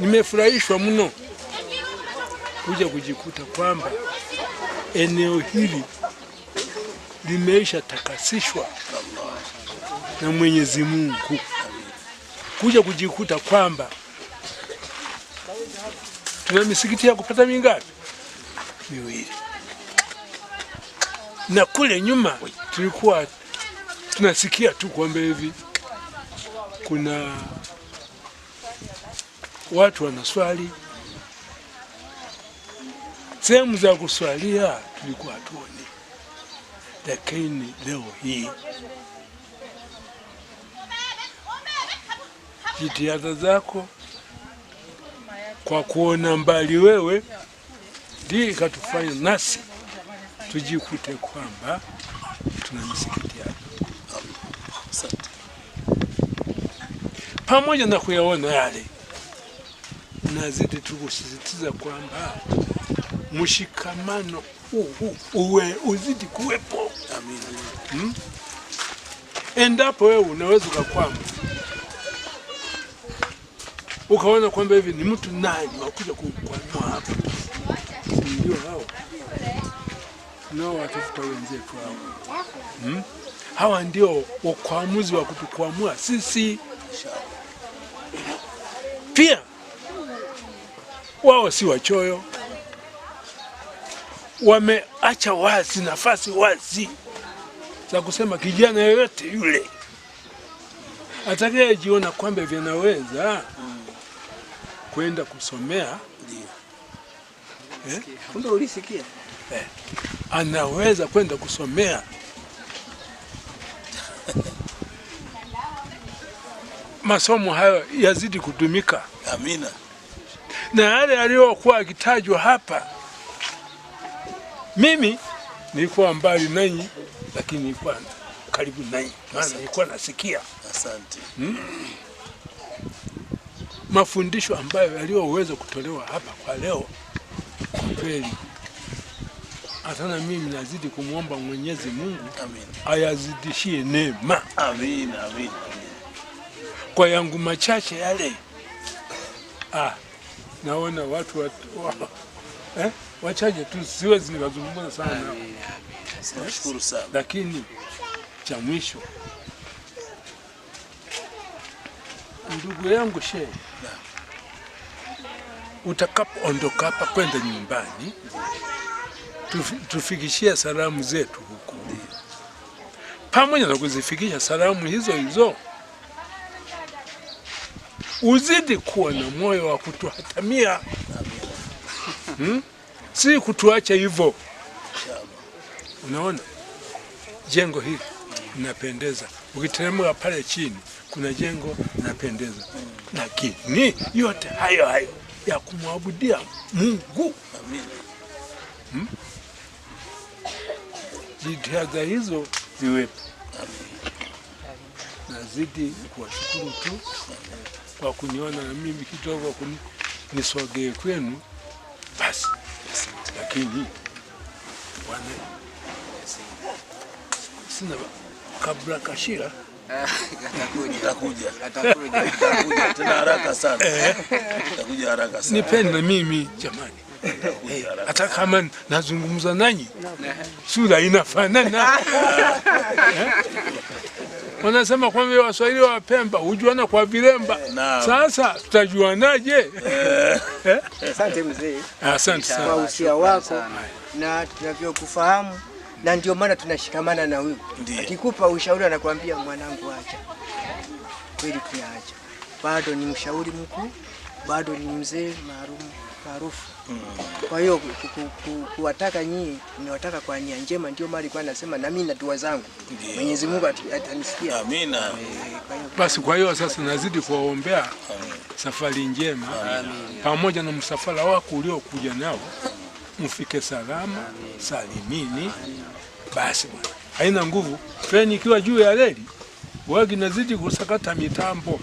Nimefurahishwa mno kuja kujikuta kwamba eneo hili limeisha takasishwa na Mwenyezi Mungu, kuja kujikuta kwamba tuna misikiti ya kupata mingapi? Miwili, na kule nyuma tulikuwa tunasikia tu kwamba hivi kuna watu wanaswali, sehemu za kuswalia tulikuwa hatuoni, lakini leo hii jitihada zako kwa kuona mbali wewe ndiyo ikatufanya nasi tujikute kwamba tuna misikiti yako pamoja na kuyaona yale Nazidi tu kusisitiza kwamba mshikamano huu uwe uzidi kuwepo. Amina. Hmm? Endapo wewe unaweza ukakwama ukaona kwamba hivi ni mtu nani wakuja kukwamua hapa, ndio hao nao watafuta wenzetu hao. Hmm? Hawa ndio wakwamuzi wa kutukwamua sisi pia wao si wachoyo, wameacha wazi nafasi wazi za kusema kijana yoyote yule atakayejiona kwamba vyanaweza kwenda kusomea eh? Eh, anaweza kwenda kusomea masomo hayo yazidi kutumika. Amina na yale yaliyokuwa akitajwa hapa. Mimi nilikuwa mbali nanyi, lakini nilikuwa karibu nanyi, maana nilikuwa nasikia. Asante. Hmm? Mafundisho ambayo yaliyoweza kutolewa hapa kwa leo, kweli hatana mimi, nazidi kumwomba Mwenyezi Mungu amin, ayazidishie neema amin, amin, amin. Kwa yangu machache yale ah naona watu wat, wa, eh, wachaje tu, siwezi nikazungumza sana, eh? nashukuru sana lakini cha mwisho ndugu yangu shehe, utakapoondoka hapa kwenda nyumbani, tufikishie salamu zetu huku pamoja na kuzifikisha salamu hizo hizo uzidi kuwa na moyo wa kutuhatamia hmm? si kutuacha hivyo. Unaona jengo hili linapendeza, ukiteremka pale chini kuna jengo linapendeza, lakini yote hayo hayo ya kumwabudia Mungu hmm? Jitihada hizo ziwepo, nazidi kuwashukuru tu kwa kuniona na mimi kidogo kunisogee kwenu, basi. Lakini bwana, sina kabla Kashira eh. nipende na mimi jamani, eh, hata kama nazungumza nanyi eh. sura inafanana wanasema kwamba Waswahili wa Pemba hujuana kwa vilemba. Eh, Sasa tutajuanaje? Eh. Eh? Asante mzee, asante sana kwa usia wako na tunavyokufahamu, na ndio maana tunashikamana na wewe. Akikupa ushauri anakuambia mwanangu, acha. Kweli tunaacha, bado ni mshauri mkuu, bado ni mzee maarufu maarufu mm. Kwa hiyo kuwataka ku, ku, nyinyi kwa nia njema, ndio mali kwa anasema na mimi na dua zangu Mwenyezi Mungu atanisikia. Amina. Eh, Basi kwa hiyo sasa nazidi kuwaombea safari njema Amina. Pamoja na msafara wako uliokuja nao mfike salama salimini Amina. Basi bwana, haina nguvu treni ikiwa juu ya reli wagi nazidi kusakata mitambo